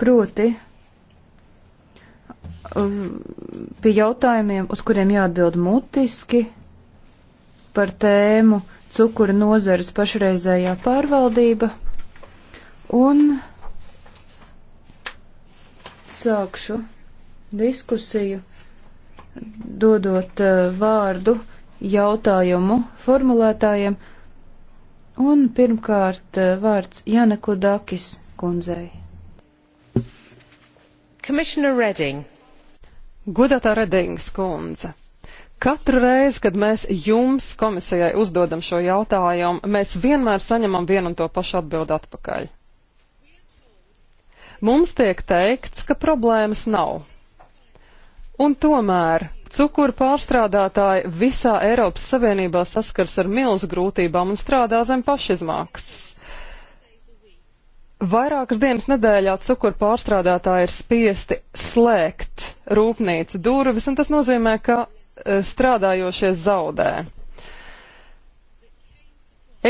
Proti, um, pie jautājumiem, uz kuriem jāatbild mutiski par tēmu cukura nozares pašreizējā pārvaldība un sākšu diskusiju dodot uh, vārdu jautājumu formulētājiem un pirmkārt uh, vārds Jana Kudakis kundzei. Commissioner Reding. Godātā Redingas kundze. Katru reizi, kad mēs jums komisijai uzdodam šo jautājumu, mēs vienmēr saņemam vienu un to pašu atbildi atpakaļ. Mums tiek teikts, ka problēmas nav. Un tomēr cukuru pārstrādātāji visā Eiropas Savienībā saskars ar milz grūtībām un strādā zem pašizmaksas. Vairākas dienas nedēļā cukurpārstrādātāji ir spiesti slēgt rūpnīcu durvis, un tas nozīmē, ka e, strādājošie zaudē.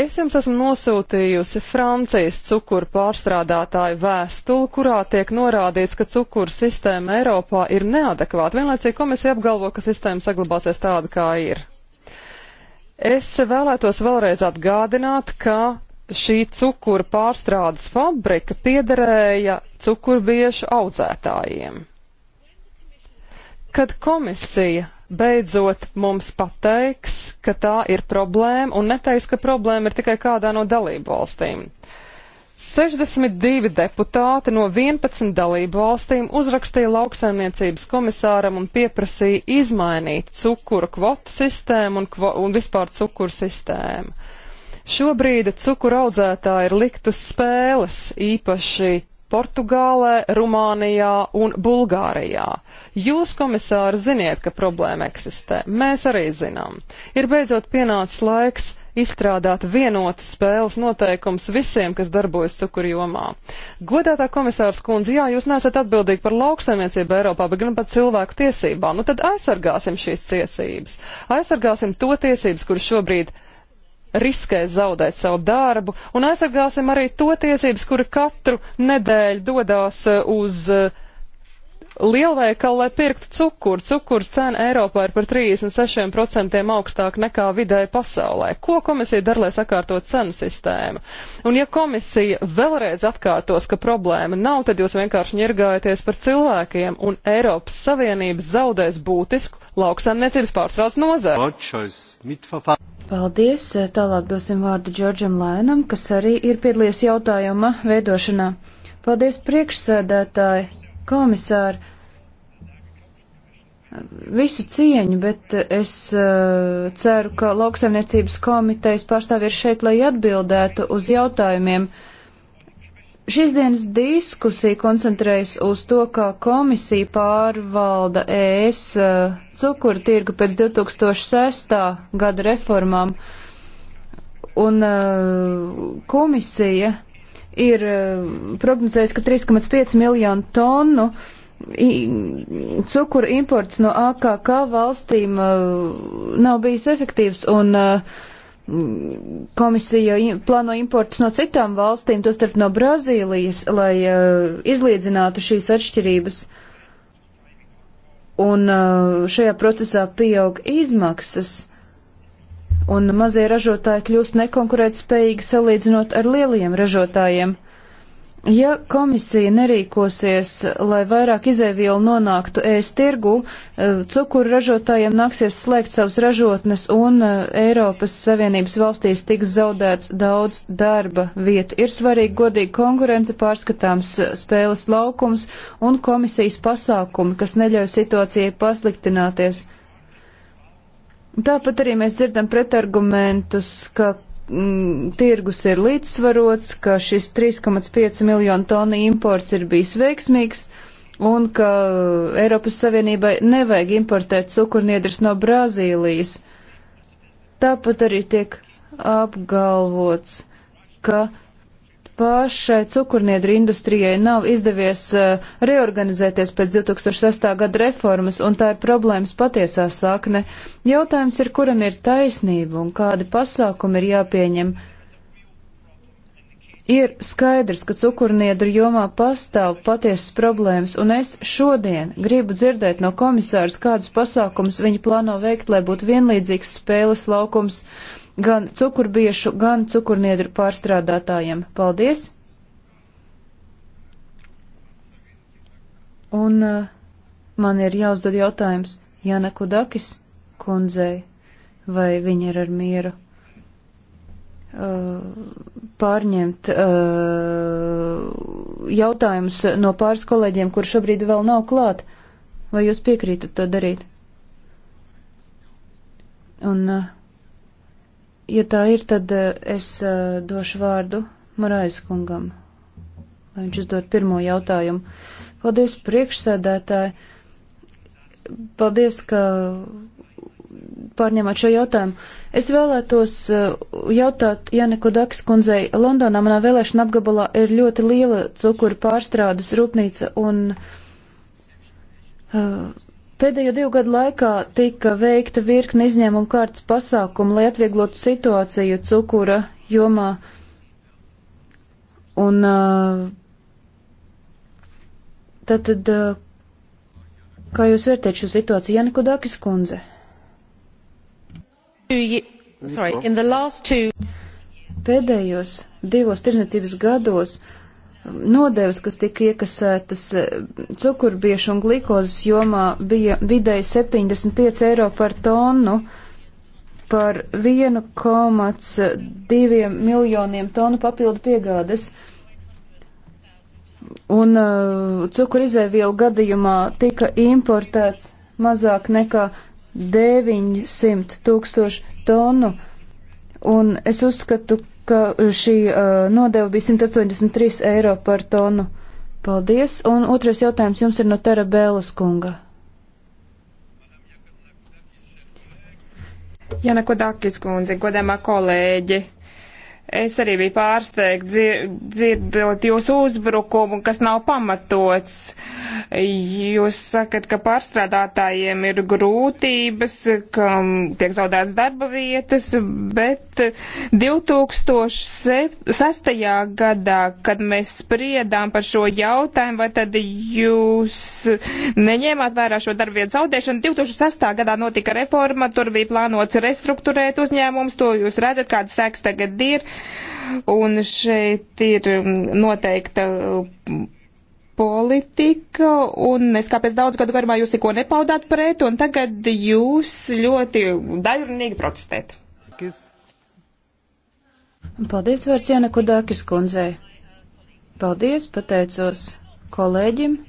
Es jums esmu nosūtījusi Francijas cukuru pārstrādātāju vēstuli, kurā tiek norādīts, ka cukuru sistēma Eiropā ir neadekvāta. Vienlaicīgi komisija apgalvo, ka sistēma saglabāsies tāda, kā ir. Es vēlētos vēlreiz atgādināt, ka šī cukura pārstrādes fabrika piederēja cukurbiešu audzētājiem. Kad komisija beidzot mums pateiks, ka tā ir problēma un neteiks, ka problēma ir tikai kādā no dalību valstīm. 62 deputāti no 11 dalību valstīm uzrakstīja lauksaimniecības komisāram un pieprasīja izmainīt cukuru kvotu sistēmu un, kvo un vispār cukuru sistēmu. Šobrīd cukuraudzētāji ir likt uz spēles, īpaši Portugālē, Rumānijā un Bulgārijā. Jūs, komisāri, ziniet, ka problēma eksistē. Mēs arī zinām. Ir beidzot pienācis laiks izstrādāt vienotu spēles noteikums visiem, kas darbojas cukurjomā. Godātā komisārs kundze, jā, jūs nesat atbildīgi par lauksaimniecību Eiropā, bet gan par cilvēku tiesībām. Nu tad aizsargāsim šīs tiesības. Aizsargāsim to tiesības, kuras šobrīd riskēs zaudēt savu darbu, un aizsargāsim arī to tiesības, kuri katru nedēļu dodās uh, uz uh, lielveikalu, lai pirktu cukuru. Cukurs cena Eiropā ir par 36% augstāk nekā vidēji pasaulē. Ko komisija dara, lai sakārtot cenu sistēmu? Un ja komisija vēlreiz atkārtos, ka problēma nav, tad jūs vienkārši ņirgājaties par cilvēkiem, un Eiropas Savienības zaudēs būtisku lauksaimniecības pārstrādes nozari. Paldies! Tālāk dosim vārdu Džordžam Lainam, kas arī ir piedalījies jautājuma veidošanā. Paldies priekšsēdētāji, komisāri! Visu cieņu, bet es uh, ceru, ka lauksaimniecības komitejas pārstāvji ir šeit, lai atbildētu uz jautājumiem. Uh, Šīs dienas diskusija koncentrējas uz to, kā komisija pārvalda ES uh, cukuru tirgu pēc 2006. gada reformām, un uh, komisija ir uh, prognozējusi, ka 3,5 miljonu tonu cukuru imports no AKK valstīm nav bijis efektīvs, un uh, Komisija plāno importus no citām valstīm, tostarp no Brazīlijas, lai uh, eh, izlīdzinātu šīs atšķirības. Un uh, šajā procesā pieaug izmaksas, un mazie ražotāji kļūst nekonkurētspējīgi salīdzinot ar lielajiem ražotājiem. Uh, Ja komisija nerīkosies, lai vairāk izēvielu nonāktu ēstirgu, eh, cukuru ražotājiem nāksies slēgt savas ražotnes un eh, Eiropas Savienības valstīs tiks zaudēts daudz darba vietu. Ir svarīgi godīga konkurence, pārskatāms eh, spēles laukums un komisijas pasākumi, kas neļauj situācijai pasliktināties. Tāpat arī mēs dzirdam pretargumentus, ka Mm, tirgus ir līdzsvarots, ka šis 3,5 miljonu tonu imports ir bijis veiksmīgs un ka Eiropas Savienībai nevajag importēt cukurniedrus no Brazīlijas. Tāpat arī tiek apgalvots, ka pašai cukurniedru industrijai nav izdevies uh, reorganizēties pēc 2006. gada reformas, un tā ir problēmas patiesā sakne. Jautājums ir, kuram ir taisnība un kādi pasākumi ir jāpieņem. Ir skaidrs, ka cukurniedru jomā pastāv patiesas problēmas, un es šodien gribu dzirdēt no komisārs, kādus pasākumus viņi plāno veikt, lai būtu vienlīdzīgs spēles laukums. Uh, gan cukurbiešu, gan cukurniedru pārstrādātājiem. Paldies! Un uh, man ir jāuzdod jautājums Jana Kudakis kundzei, vai viņa ir ar mieru uh, pārņemt uh, jautājumus no pāris kolēģiem, kur šobrīd vēl nav klāt. Vai jūs piekrītat to darīt? Un uh, Ja tā ir, tad eh, es eh, došu vārdu Marais kungam, lai viņš uzdod pirmo jautājumu. Paldies, priekšsēdētāji! Paldies, ka pārņemat šo jautājumu. Es vēlētos eh, jautāt Janeko Dakas kundzei. Londonā manā vēlēšana apgabalā ir ļoti liela cukuru pārstrādes rūpnīca un uh, Pēdējo divu gadu laikā tika veikta virkni izņēmumu kārtas pasākumu, lai atvieglotu situāciju cukura jomā. Un tātad, kā jūs vērtējat šo situāciju, Janiko Dakis kundze? Sorry, two... Pēdējos divos tirzniecības gados Nodevs, kas tika iekasētas eh, cukurbiešu un glikozes jomā, bija vidēji 75 eiro par tonu par 1,2 miljoniem tonu papildu piegādes. Un uh, cukurizēvielu gadījumā tika importēts mazāk nekā 900 tūkstoši tonu. Un es uzskatu, ka šī uh, nodeva bija 183 eiro par tonu. Paldies, un otrais jautājums jums ir no Tera Bēlas kunga. Jana Kodakis kundze, godamā kolēģi. Es arī biju pārsteigts dzir dzirdot jūsu uzbrukumu, kas nav pamatots. Jūs sakat, ka pārstrādātājiem ir grūtības, ka tiek zaudēts darba vietas, bet 2006. gadā, kad mēs spriedām par šo jautājumu, vai tad jūs neņēmāt vērā šo darba vietu zaudēšanu? 2006. gadā notika reforma, tur bija plānots restruktūrēt uzņēmums, to jūs redzat, kādas seks tagad ir Un šeit ir noteikta uh, politika, un es kāpēc daudz gadu garumā jūs tikko nepaudāt pret, un tagad jūs ļoti daļrunīgi protestēt. Paldies, Vārts Jāna Kudākis kundzei. Paldies, pateicos kolēģim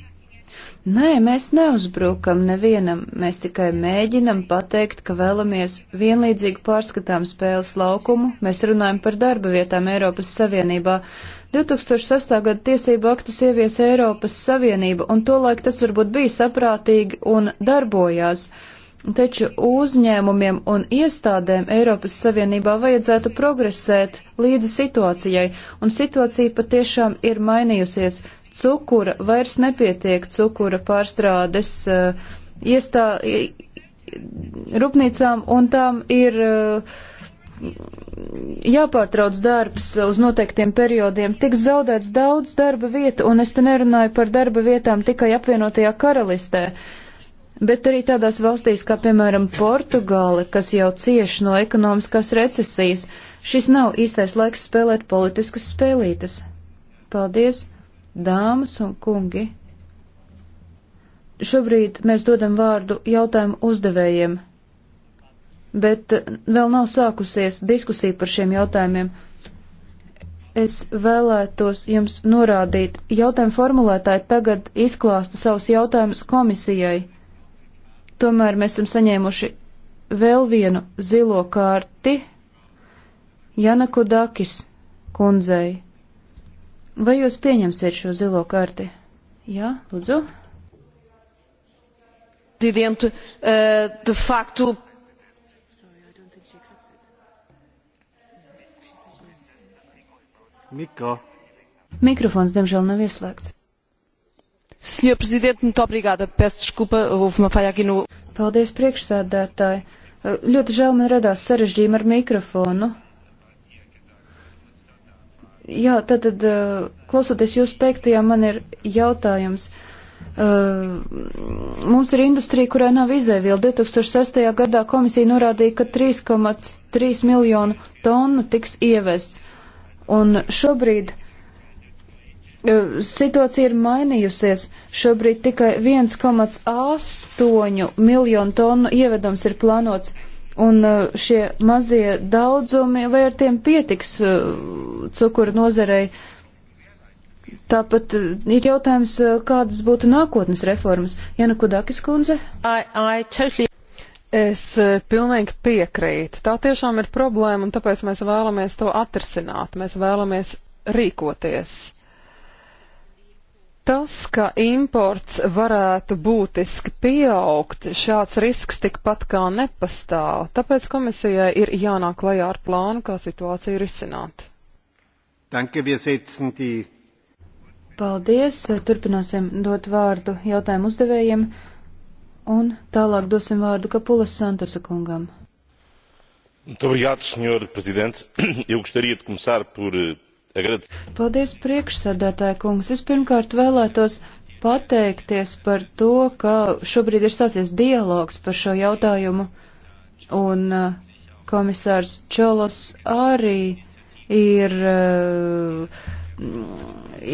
Nē, mēs neuzbrukam nevienam, mēs tikai mēģinam pateikt, ka vēlamies vienlīdzīgi pārskatām spēles laukumu, mēs runājam par darba vietām Eiropas Savienībā. 2008. gada tiesību aktus ievies Eiropas Savienība, un tolaik tas varbūt bija saprātīgi un darbojās. Taču uzņēmumiem un iestādēm Eiropas Savienībā vajadzētu progresēt līdzi situācijai, un situācija patiešām ir mainījusies cukura vairs nepietiek cukura pārstrādes uh, iestā, rūpnīcām, un tām ir uh, jāpārtrauc darbs uz noteiktiem periodiem. Tiks zaudēts daudz darba vietu, un es te nerunāju par darba vietām tikai apvienotajā karalistē. Bet arī tādās valstīs kā, piemēram, Portugāle, kas jau cieši no ekonomiskās recesijas, šis nav īstais laiks spēlēt politiskas spēlītes. Paldies! dāmas un kungi, šobrīd mēs dodam vārdu jautājumu uzdevējiem, bet vēl nav sākusies diskusija par šiem jautājumiem. Es vēlētos jums norādīt, jautājumu formulētāji tagad izklāsta savus jautājumus komisijai. Tomēr mēs esam saņēmuši vēl vienu zilo kārti Jana Kudakis kundzei. Vai jūs pieņemsiet šo zilo karti? Jā, lūdzu. Presidente, uh, de facto. Mikro. Mikrofons, diemžēl, nav ieslēgts. Senhor Presidente, muito obrigada. Peço desculpa, houve uma falha aqui no. Paldies, priekšsēdētāji. Ļoti žēl man radās sarežģījumi ar mikrofonu. Jā, tad, tad eh, klausoties jūsu teiktajā, man ir jautājums. Uh, mums ir industrija, kurai nav izēviela. 2006. gadā komisija norādīja, ka 3,3 miljonu tonu tiks ievests. Un šobrīd uh, situācija ir mainījusies. Šobrīd tikai 1,8 miljonu tonu ievedums ir plānots. Un uh, šie mazie daudzumi, vai ar tiem pietiks, cukura nozarei. Tāpat eh, ir jautājums, eh, kādas būtu nākotnes reformas. Jana Kudakis kundze? I, I totally... Es eh, pilnīgi piekrītu. Tā tiešām ir problēma, un tāpēc mēs vēlamies to atrisināt. Mēs vēlamies rīkoties. Tas, ka imports varētu būtiski pieaugt, šāds risks tikpat kā nepastāv, tāpēc komisijai ir jānāk lajā ar plānu, kā situāciju risināt. Danke, wir setzen die. Paldies, turpināsim dot vārdu jautājumu uzdevējiem, un tālāk dosim vārdu Kapulas Santosa kungam. Muito obrigado, senhor presidente. Eu gostaria de começar por eh, agradecer. Paldies, priekšsēdētāja kungs. Es pirmkārt vēlētos pateikties par to, ka šobrīd ir sācies dialogs par šo jautājumu, un eh, komisārs Čolos arī ir eh,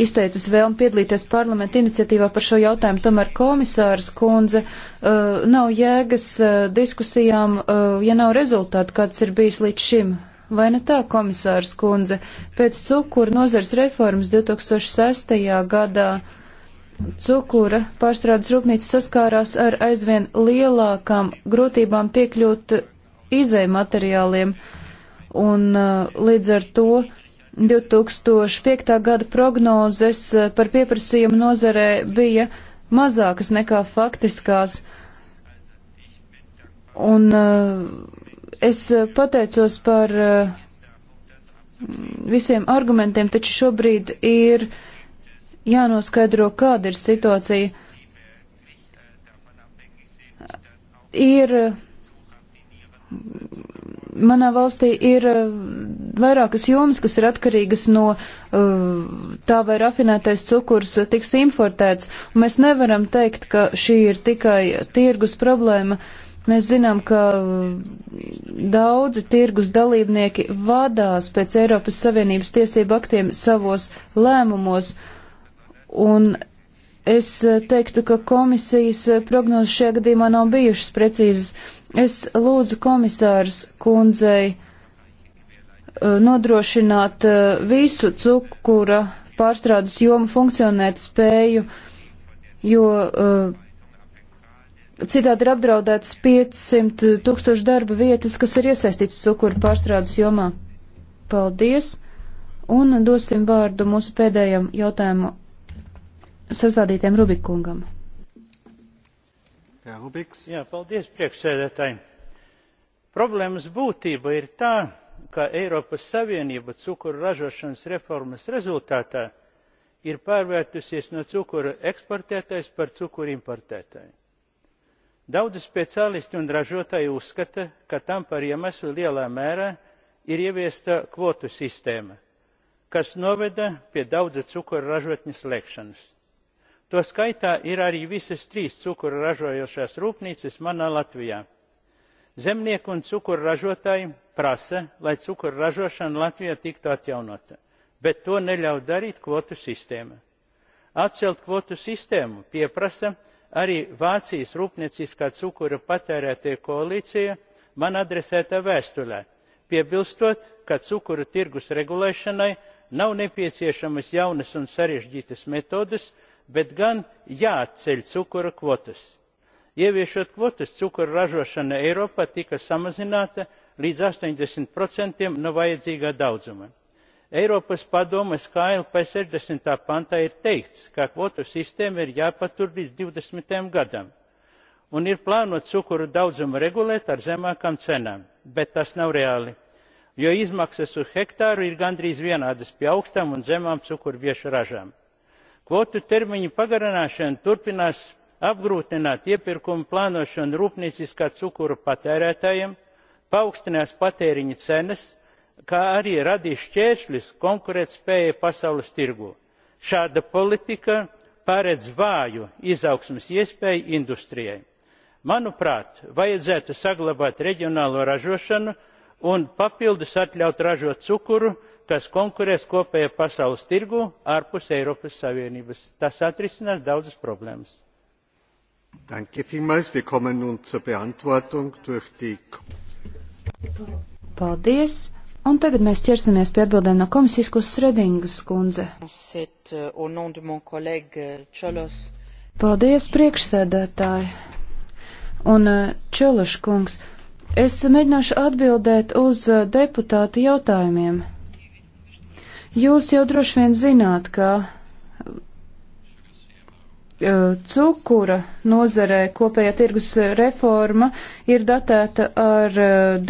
izteicis vēlmi piedalīties parlamenta iniciatīvā par šo jautājumu. Tomēr komisārs kundze eh, nav jēgas eh, diskusijām, ja nav rezultātu, kāds ir bijis līdz šim. Vai ne tā, komisārs kundze? Pēc cukura nozars reformas 2006. gadā cukura pārstrādes rūpnīca saskārās ar aizvien lielākām grūtībām piekļūt izējumateriāliem. materiāliem un uh, līdz ar to 2005. gada prognozes uh, par pieprasījumu nozarē bija mazākas nekā faktiskās. Un uh, es pateicos par visiem argumentiem, taču šobrīd ir jānoskaidro, kāda ir situācija. Ir manā valstī ir eh, vairākas jomas, kas ir atkarīgas no eh, tā vai rafinētais cukurs tiks importēts. Mēs nevaram teikt, ka šī ir tikai tirgus problēma. Mēs zinām, ka eh, daudzi tirgus dalībnieki vadās pēc Eiropas Savienības tiesību aktiem savos lēmumos. Un es teiktu, ka komisijas prognozes šajā gadījumā nav bijušas precīzas. Es lūdzu komisārs kundzei uh, nodrošināt uh, visu cukura pārstrādes jomu funkcionēt spēju, jo uh, citādi ir apdraudētas 500 tūkstoši darba vietas, kas ir iesaistīts cukura pārstrādes jomā. Paldies! Un dosim vārdu mūsu pēdējam jautājumu sazādītiem Rubikungam kā Rubiks. Jā, paldies priekšsēdētāji. Problēmas būtība ir tā, ka Eiropas Savienība cukuru ražošanas reformas rezultātā ir pārvērtusies no cukura eksportētājas par cukuru importētāju. Daudzi speciālisti un ražotāji uzskata, ka tam par iemeslu lielā mērā ir ieviesta kvotu sistēma, kas noveda pie daudzu cukura ražotņu slēgšanas to skaitā ir arī visas trīs cukuru ražojošās rūpnīcas manā latvijā. zemnieki un cukurražotāji prasa lai cukurražošana latvijā tiktu atjaunota bet to neļauj darīt kvotu sistēma. atcelt kvotu sistēmu pieprasa arī vācijas rūpnieciskā cukura patērētāju koalīcija man adresētā vēstulē piebilstot ka cukura tirgus regulēšanai nav nepieciešamas jaunas un sarežģītas metodes bet gan jāatceļ cukura kvotas. Ieviešot kvotas, cukura ražošana Eiropā tika samazināta līdz 80% no vajadzīgā daudzuma. Eiropas padomes KLP 60. pantā ir teikts, ka kvotu sistēma ir jāpatur līdz 20. gadam un ir plānots cukuru daudzumu regulēt ar zemākām cenām bet tas nav reāli jo izmaksas uz hektāru ir gandrīz vienādas pie augstām un zemām cukurbiešu ražām kvotu termiņu pagarināšana turpinās apgrūtināt iepirkumu plānošanu rūpnieciskā cukura patērētājiem paaugstinās patēriņa cenas kā arī radīs šķēršļus konkurētspējai pasaules tirgū. šāda politika paredz vāju izaugsmes iespēju industrijai. manuprāt vajadzētu saglabāt reģionālo ražošanu un papildus atļaut ražot cukuru kas konkurēs kopējā pasaules tirgū ārpus eiropas savienības. tas atrisinās daudzas problēmas. Paldies! Un tagad mēs ķersimies pie atbildēm no komisijas, kuras Redingas kundze. Euh, euh, Paldies, priekšsēdētāji! Un euh, Čološ kungs! Es mēģināšu atbildēt uz uh, deputātu jautājumiem. Jūs jau droši vien zināt, ka uh, cukura nozarē kopējā tirgus reforma ir datēta ar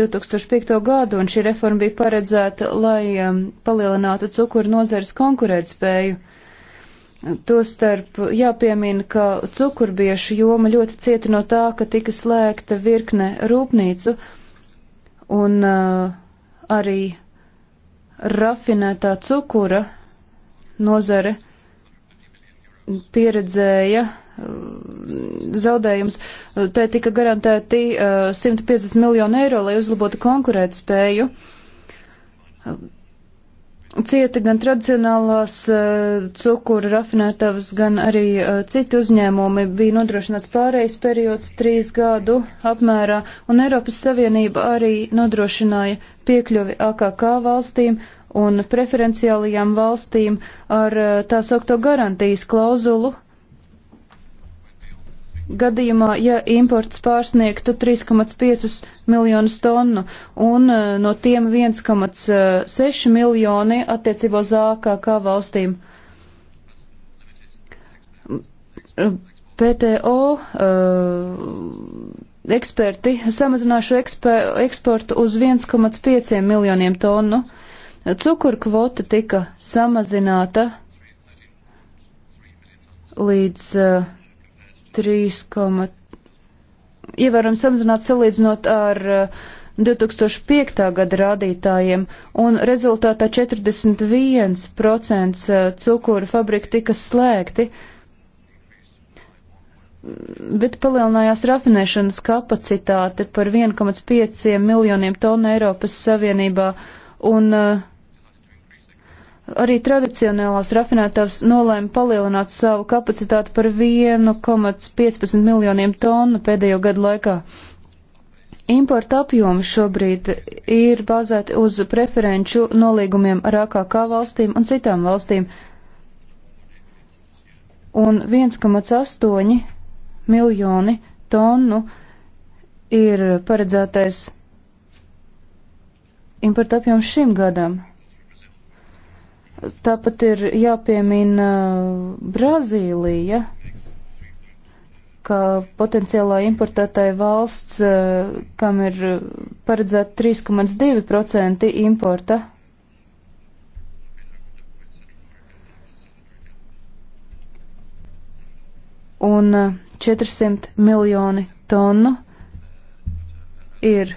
2005. Uh, gadu, un šī reforma bija paredzēta, lai um, palielinātu cukura nozares konkurētspēju. Tostarp jāpiemina, ka cukurbiešu joma ļoti cieta no tā, ka tika slēgta virkne rūpnīcu un uh, arī rafinētā cukura nozare pieredzēja uh, zaudējums. Te tika garantēti 150 uh, miljoni eiro, lai uzlabotu konkurētspēju cieta gan tradicionālās uh, cukura rafinētavas, gan arī uh, citi uzņēmumi. Bija nodrošināts pārējais periods trīs gadu apmērā, un Eiropas Savienība arī nodrošināja piekļuvi AKK valstīm un preferenciālajām valstīm ar uh, tā saukto garantijas klauzulu gadījumā, ja imports pārsniegtu 3,5 miljonus tonnu un eh, no tiem 1,6 miljoni attiecībā uz AKK valstīm. PTO uh, eh, eksperti samazināšu ekspe, eksportu uz 1,5 miljoniem tonu. Cukurkvota tika samazināta līdz uh, 3, ievēram samazināt salīdzinot ar 2005. Uh, gada rādītājiem, un rezultātā 41% uh, cukuru fabrika tika slēgti, bet palielinājās rafinēšanas kapacitāte par 1,5 miljoniem tonu Eiropas Savienībā, un uh, Arī tradicionālās rafinētājs nolēma palielināt savu kapacitāti par 1,15 miljoniem tonu pēdējo gadu laikā. Importa apjomi šobrīd ir bazēti uz preferenču nolīgumiem ar AKK valstīm un citām valstīm. Un 1,8 miljoni tonu ir paredzētais importa apjoms šim gadam. Tāpat ir jāpiemina Brazīlija, kā potenciālā importētāja valsts, eh, kam ir paredzēta 3,2% importa. Un 400 eh, miljoni tonu ir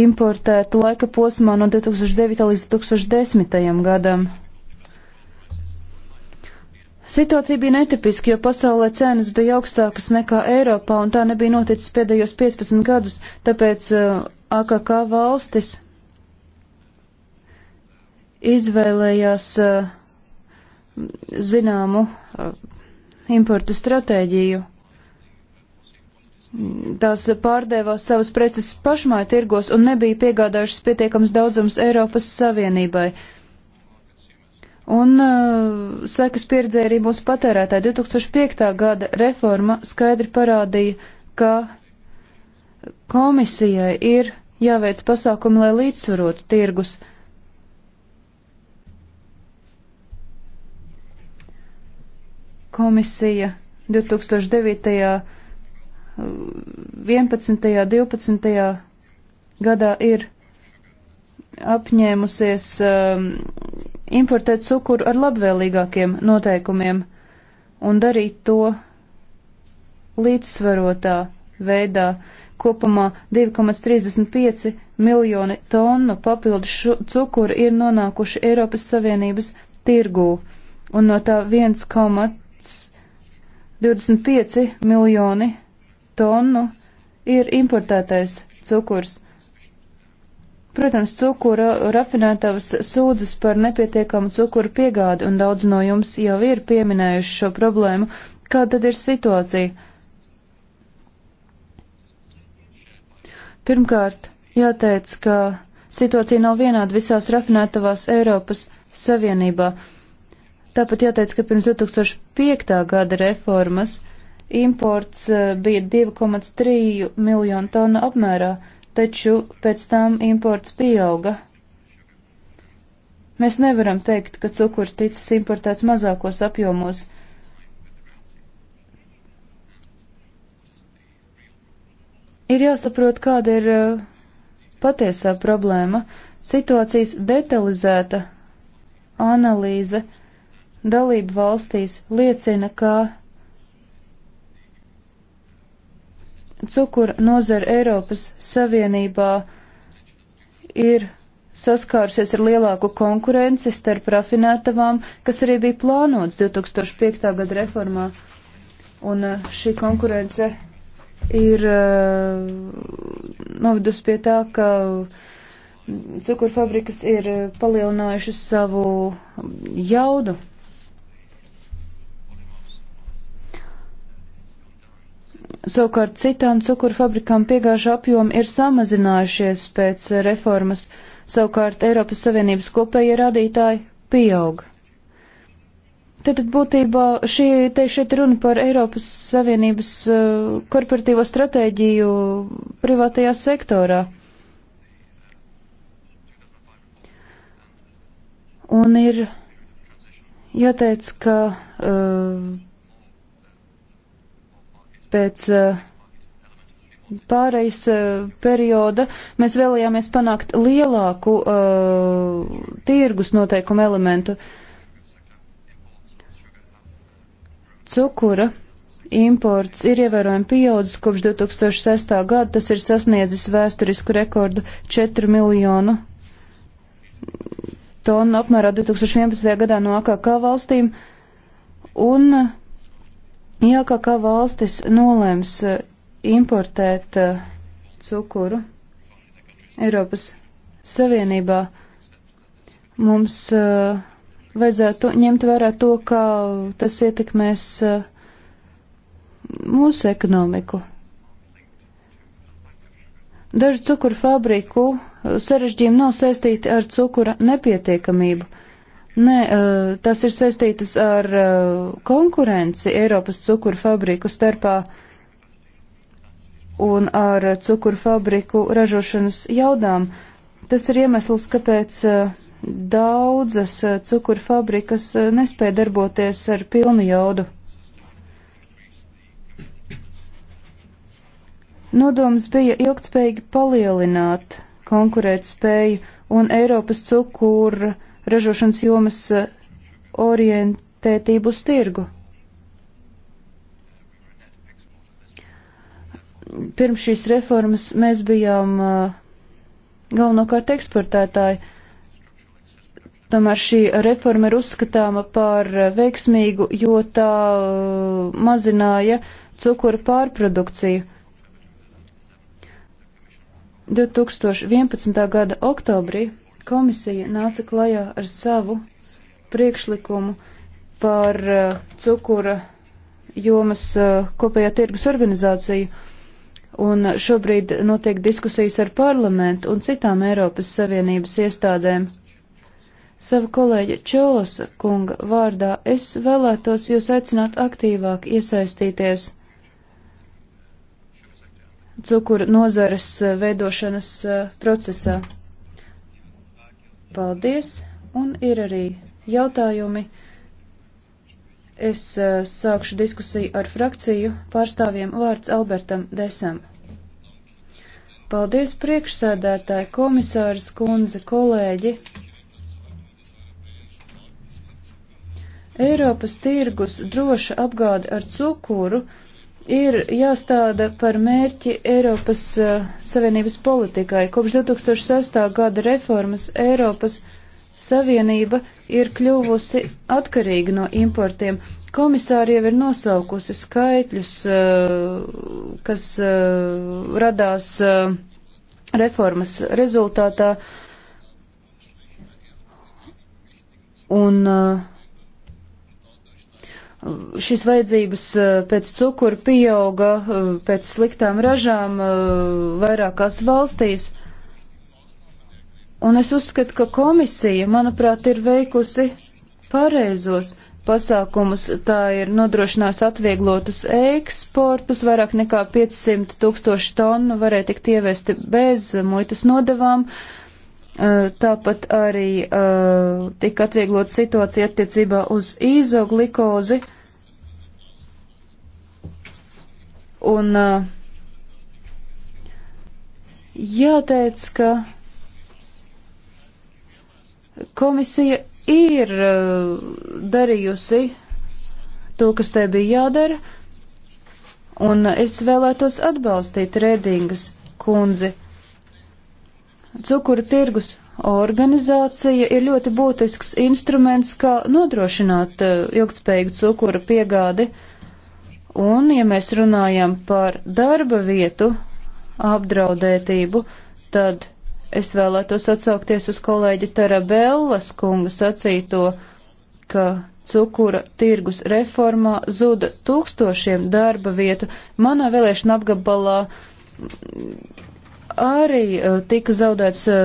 importēta laika posmā no 2009. līdz 2010. gadam. Situācija bija netipiska, jo pasaulē cenas bija augstākas nekā Eiropā, un tā nebija noticis pēdējos 15 gadus, tāpēc uh, AKK valstis izvēlējās uh, zināmu uh, importu stratēģiju tās pārdēvās savas preces pašmāja tirgos un nebija piegādājušas pietiekams daudzums Eiropas Savienībai. Un uh, sekas pieredzēja arī mūsu patērētāji. 2005. gada reforma skaidri parādīja, ka komisijai ir jāveic pasākumi, lai līdzsvarotu tirgus. Komisija 2009 11. 12. gadā ir apņēmusies um, importēt cukuru ar labvēlīgākiem noteikumiem un darīt to līdzsvarotā veidā. Kopumā 2,35 miljoni tonu papildu cukuru ir nonākuši Eiropas Savienības tirgū, un no tā 1,25 miljoni tonu ir importētais cukurs. Protams, cukura rafinētavas sūdzas par nepietiekamu cukuru piegādi, un daudz no jums jau ir pieminējuši šo problēmu. Kāda tad ir situācija? Pirmkārt, jāteic, ka situācija nav vienāda visās rafinētavās Eiropas Savienībā. Tāpat jāteic, ka pirms 2005. gada reformas imports eh, bija 2,3 miljonu tonu apmērā, taču pēc tam imports pieauga. Mēs nevaram teikt, ka cukurs ticis importēts mazākos apjomos. Ir jāsaprot, kāda ir uh, patiesā problēma. Situācijas detalizēta analīze dalību valstīs liecina, ka cukura nozara Eiropas Savienībā ir saskārusies ar lielāku konkurenci starp rafinētavām, kas arī bija plānots 2005. gada reformā. Un uh, šī konkurence ir uh, novedusi pie tā, ka cukurfabrikas ir palielinājušas savu jaudu Savukārt citām cukurfabrikām piegāžu apjomi ir samazinājušies pēc reformas, savukārt Eiropas Savienības kopējie rādītāji pieaug. Tātad būtībā šī, te šeit runa par Eiropas Savienības uh, korporatīvo stratēģiju privātajā sektorā. Un ir jāteic, ka uh, pēc eh, pārejas eh, perioda mēs vēlējāmies panākt lielāku uh, tirgus noteikumu elementu. Cukura imports ir ievērojami pieaudzis kopš 2006. gada, tas ir sasniedzis vēsturisku rekordu 4 miljonu tonu apmērā 2011. gadā no AKK valstīm, un uh, Ja kā, kā valstis nolēms eh, importēt eh, cukuru Eiropas Savienībā, mums eh, vajadzētu ņemt vērā to, kā tas ietekmēs mūsu ekonomiku. Dažu cukuru fabriku sarežģījumi nav saistīti ar cukura nepietiekamību. Nē, eh, tas ir saistītas ar eh, konkurenci Eiropas cukuru fabriku starpā un ar cukuru fabriku ražošanas jaudām. Tas ir iemesls, kāpēc eh, daudzas cukuru fabrikas nespēja darboties ar pilnu jaudu. Nodoms bija ilgtspējīgi palielināt konkurēt spēju un Eiropas cukuru ražošanas jomas eh, orientētību uz tirgu. Pirms šīs reformas mēs bijām eh, galvenokārt eksportētāji. Tomēr šī reforma ir uzskatāma par veiksmīgu, jo tā eh, mazināja cukura pārprodukciju. 2011. gada oktobrī komisija nāca klajā ar savu priekšlikumu par uh, cukura jomas uh, kopējā tirgus organizāciju, un šobrīd notiek diskusijas ar parlamentu un citām Eiropas Savienības iestādēm. Sava kolēģa Čolosa kunga vārdā es vēlētos jūs aicināt aktīvāk iesaistīties cukura nozares eh, veidošanas procesā. Paldies, un ir arī jautājumi. Es uh, sākšu diskusiju ar frakciju pārstāvjiem vārds Albertam Desam. Paldies priekšsēdētāji, komisārs kundze, kolēģi. Eiropas tirgus droša apgāde ar cukuru ir jāstāda par mērķi Eiropas uh, Savienības politikai. Kopš 2006. gada reformas Eiropas Savienība ir kļuvusi atkarīga no importiem. Komisāri jau ir nosaukusi skaitļus, uh, kas uh, radās reformas rezultātā. Un uh, šīs vajadzības eh, pēc cukura pieauga eh, pēc sliktām ražām eh, vairākās valstīs. Un es uzskatu, ka komisija, manuprāt, ir veikusi pareizos pasākumus. Tā ir nodrošinājusi atvieglotus eksportus, vairāk nekā 500 tūkstoši tonu varēja tikt ievesti bez muitas nodevām. Uh, Tāpat arī uh, tika atvieglot situācija attiecībā uz izoglikozi. Un uh, jāteic, ka komisija ir uh, darījusi to, kas te bija jādara, un es vēlētos atbalstīt Rēdingas kundzi cukura tirgus organizācija ir ļoti būtisks instruments, kā nodrošināt eh, ilgspējīgu cukura piegādi. Un, ja mēs runājam par darba vietu apdraudētību, tad es vēlētos atsaukties uz kolēģi Tarabellas kunga sacīto, ka cukura tirgus reformā zuda tūkstošiem darba vietu. Manā vēlēšana apgabalā arī e, tika zaudēts e,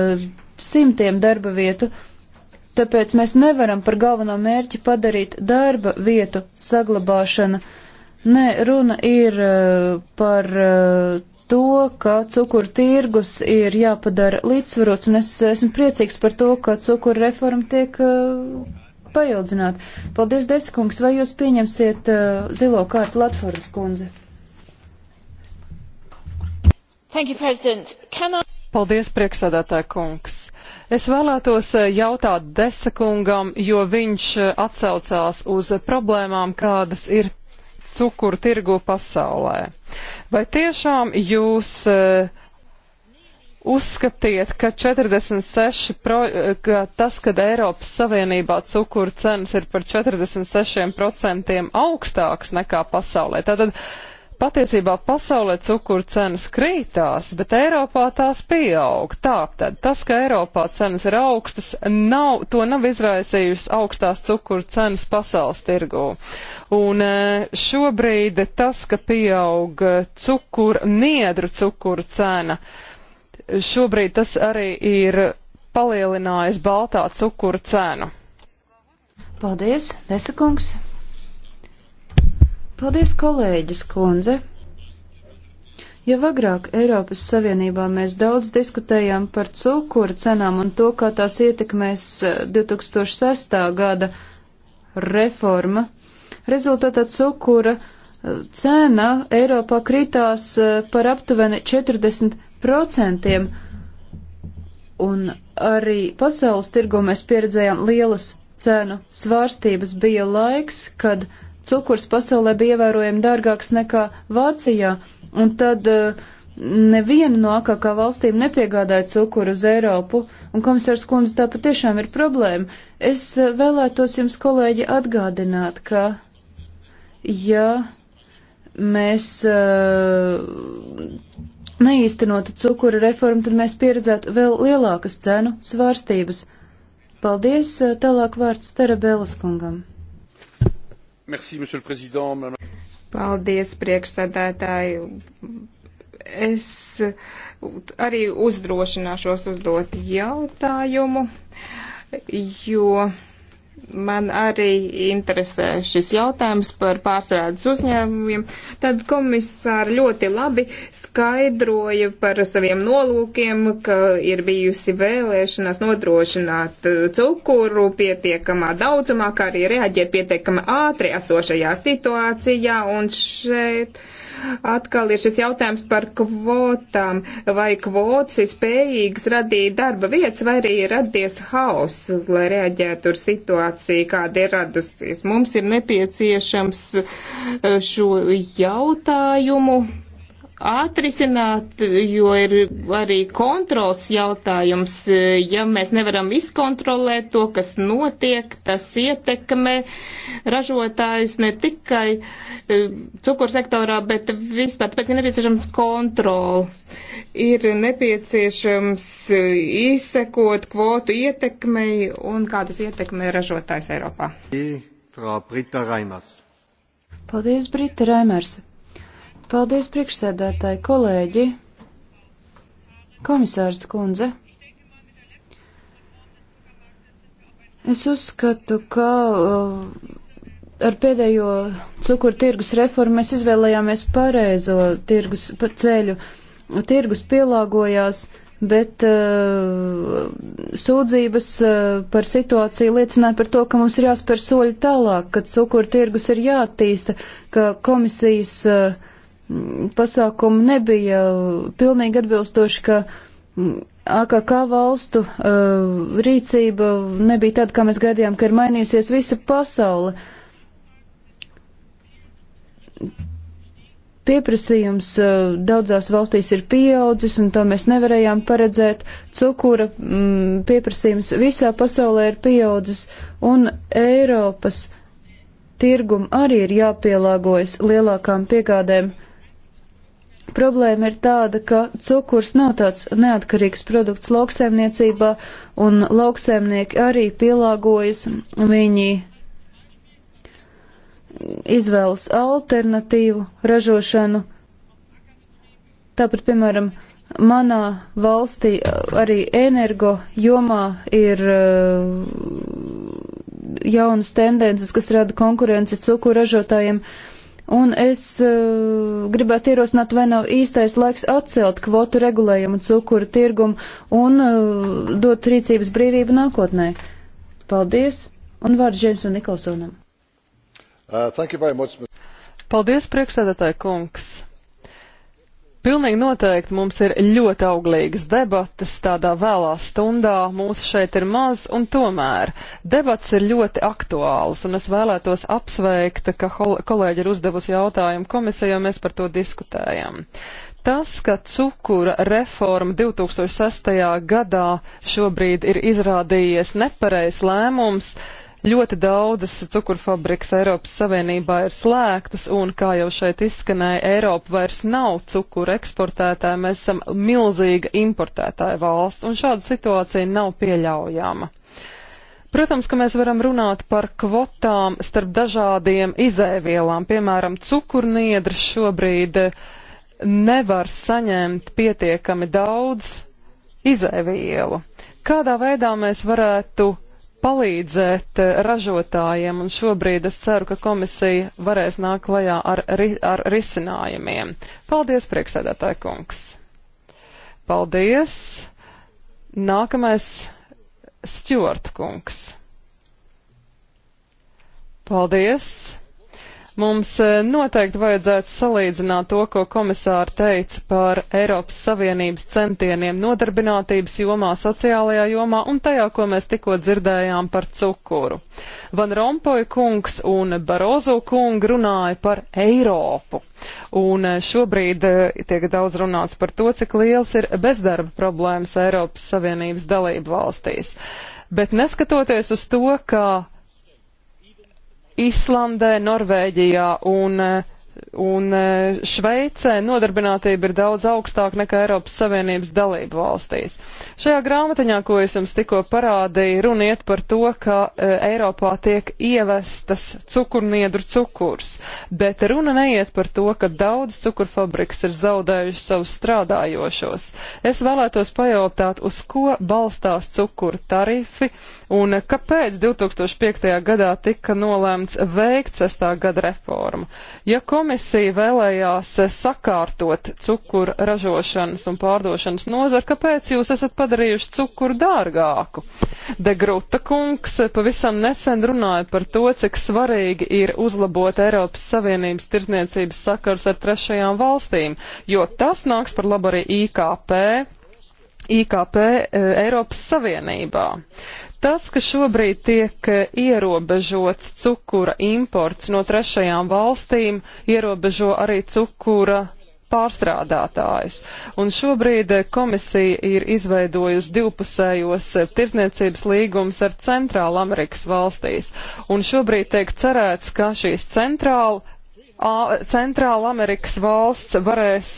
simtiem darba vietu, tāpēc mēs nevaram par galveno mērķi padarīt darba vietu saglabāšanu. Nē, runa ir e, par to, ka cukuru tirgus ir jāpadara līdzsvarots, un es esmu priecīgs par to, ka cukuru reforma tiek paildzināta. Paldies, Desikungs, vai jūs pieņemsiet zilo kārtu Latvijas kundze? Thank you, President. Can I... Paldies, priekšsēdētāja kungs. Es vēlētos eh, jautāt Desakungam, jo viņš eh, atsaucās uz problēmām, kādas ir cukuru tirgu pasaulē. Vai tiešām jūs eh, uzskatiet, ka 46, pro, ka tas, kad Eiropas Savienībā cukuru cenas ir par 46% augstākas nekā pasaulē? Tātad Patiesībā pasaulē cukuru cenas krītās, bet Eiropā tās pieaug. Tātad tas, ka Eiropā cenas ir augstas, nav, to nav izraisījusi augstās cukuru cenas pasaules tirgū. Un e, šobrīd tas, ka pieaug cukuru, niedru cukuru cena, šobrīd tas arī ir palielinājis baltā cukura cenu. Paldies, Nesakungs! Paldies, kolēģis kundze! Jau agrāk Eiropas Savienībā mēs daudz diskutējām par cukura cenām un to, kā tās ietekmēs 2006. Eh, gada reforma. Rezultātā cukura eh, cena Eiropā kritās eh, par aptuveni 40%, un arī pasaules tirgu mēs pieredzējām lielas cenu svārstības. Bija laiks, kad uh, cukurs pasaulē bija ievērojami dārgāks nekā Vācijā, un tad uh, neviena no AKK valstīm nepiegādāja cukuru uz Eiropu, un komisārs kundze tā patiešām ir problēma. Es eh, vēlētos jums, kolēģi, atgādināt, ka, ja mēs uh, neīstenotu cukura reformu, tad mēs pieredzētu vēl lielākas cenu svārstības. Paldies, tālāk vārds Terabēlas kungam. Merci, monsieur le président. Paldies, priekšsēdētāji. Es arī uzdrošināšos uzdot jautājumu, jo Man arī interesē šis jautājums par pārstrādes uzņēmumiem. Tad komisāri ļoti labi skaidroja par saviem nolūkiem, ka ir bijusi vēlēšanās nodrošināt uh, cukuru pietiekamā daudzumā, kā arī reaģēt pietiekami ātri esošajā situācijā. Un šeit uh, atkal ir šis jautājums par kvotām. Vai kvotas ir spējīgas radīt darba vietas, vai arī radies haoss, lai reaģētu uz situāciju, kāda ir radusies. Mums ir nepieciešams eh, šo jautājumu atrisināt, jo ir arī kontrols jautājums. Ja mēs nevaram izkontrolēt to, kas notiek, tas ietekmē ražotājs ne tikai e, cukursektorā, bet vispār. Tāpēc ir nepieciešams kontroli. Ir nepieciešams e, izsekot kvotu ietekmei un kā tas ietekmē ražotājs Eiropā. Paldies, Brita Raimers. Paldies, priekšsēdētāji, kolēģi, komisārs kundze. Es uzskatu, ka uh, ar pēdējo cukuru tirgus reformu mēs izvēlējāmies pareizo tirgus par ceļu. Tirgus pielāgojās bet uh, sūdzības uh, par situāciju liecināja par to, ka mums ir jāspēr soļi tālāk, ka cukuru tirgus ir jāattīsta, ka komisijas uh, pasākumi nebija uh, pilnīgi atbilstoši, ka mm, AKK valstu uh, rīcība nebija tāda, kā mēs gaidījām, ka ir mainījusies visa pasaule. Pieprasījums uh, daudzās valstīs ir pieaudzis, un to mēs nevarējām paredzēt. Cukura mm, pieprasījums visā pasaulē ir pieaudzis, un Eiropas tirgum arī ir jāpielāgojas lielākām piegādēm. Uh, Problēma ir tāda, ka cukurs nav tāds neatkarīgs produkts lauksēmniecībā, un lauksēmnieki arī pielāgojas, viņi izvēlas alternatīvu ražošanu. Tāpat, piemēram, manā valstī arī energo jomā ir jaunas tendences, kas rada konkurenci cukuru ražotājiem. Uh, Un es uh, gribētu ierosināt, vai nav īstais laiks atcelt kvotu regulējumu cukuru tirgumu un uh, dot rīcības brīvību nākotnē. Paldies, un vārds Džeimsam Nikolsonam. Uh, much, Paldies, priekšsēdētāji kungs. Pilnīgi noteikti mums ir ļoti auglīgas debatas tādā vēlā stundā, mūsu šeit ir maz, un tomēr debats ir ļoti aktuāls, un es vēlētos apsveikt, ka kolēģi ir uzdevusi jautājumu komisijai, jo mēs par to diskutējam. Tas, ka cukura reforma 2006. gadā šobrīd ir izrādījies nepareizs lēmums, uh, Ļoti daudzas cukurfabrikas Eiropas Savienībā ir slēgtas, un, kā jau šeit izskanēja, Eiropa vairs nav cukura eksportētāja, mēs esam milzīga importētāja valsts, un šāda situācija nav pieļaujama. Protams, ka mēs varam runāt par kvotām starp dažādiem izēvielām, piemēram, cukurniedras šobrīd nevar saņemt pietiekami daudz izēvielu. Kādā veidā mēs varētu palīdzēt eh, ražotājiem, un šobrīd es ceru, ka komisija varēs nākt klajā ar, ri, ar risinājumiem. Paldies, priekšsēdētāji kungs! Paldies! Nākamais Stjort kungs. Paldies! Mums e, noteikti vajadzētu salīdzināt to, ko komisāri teica par Eiropas Savienības centieniem nodarbinātības jomā, sociālajā jomā un tajā, ko mēs tikko dzirdējām par cukuru. Van Rompuy kungs un Barozo kungi runāja par Eiropu. Un e, šobrīd e, tiek daudz runāts par to, cik liels ir bezdarba problēmas Eiropas Savienības dalību valstīs. Bet neskatoties uz to, ka Islandē, Norvēģijā un eh, Un e, Šveicē nodarbinātība ir daudz augstāka nekā Eiropas Savienības dalību valstīs. Šajā grāmatiņā, ko es jums tikko parādīju, runa iet par to, ka e, Eiropā tiek ievestas cukurniedru cukurs, bet runa neiet par to, ka daudz cukurfabriks ir zaudējuši savus strādājošos. Es vēlētos pajautāt, uz ko balstās cukura tarifi un kāpēc 2005. gadā tika nolēmts veikt sestā gada reformu. Ja komisija vēlējās eh, sakārtot cukuru ražošanas un pārdošanas nozari, kāpēc jūs esat padarījuši cukuru dārgāku? De Gruta kungs eh, pavisam nesen runāja par to, cik svarīgi ir uzlabot Eiropas Savienības tirzniecības sakars ar trešajām valstīm, jo tas nāks par labu arī IKP IKP e, Eiropas Savienībā. Tas, ka šobrīd tiek e, ierobežots cukura imports no trešajām valstīm, ierobežo arī cukura pārstrādātājs. Un šobrīd e, komisija ir izveidojusi divpusējos tirdzniecības līgumus ar Centrāla Amerikas valstīs. Un šobrīd tiek cerēts, ka šīs Centrāla, Centrāla Amerikas valsts varēs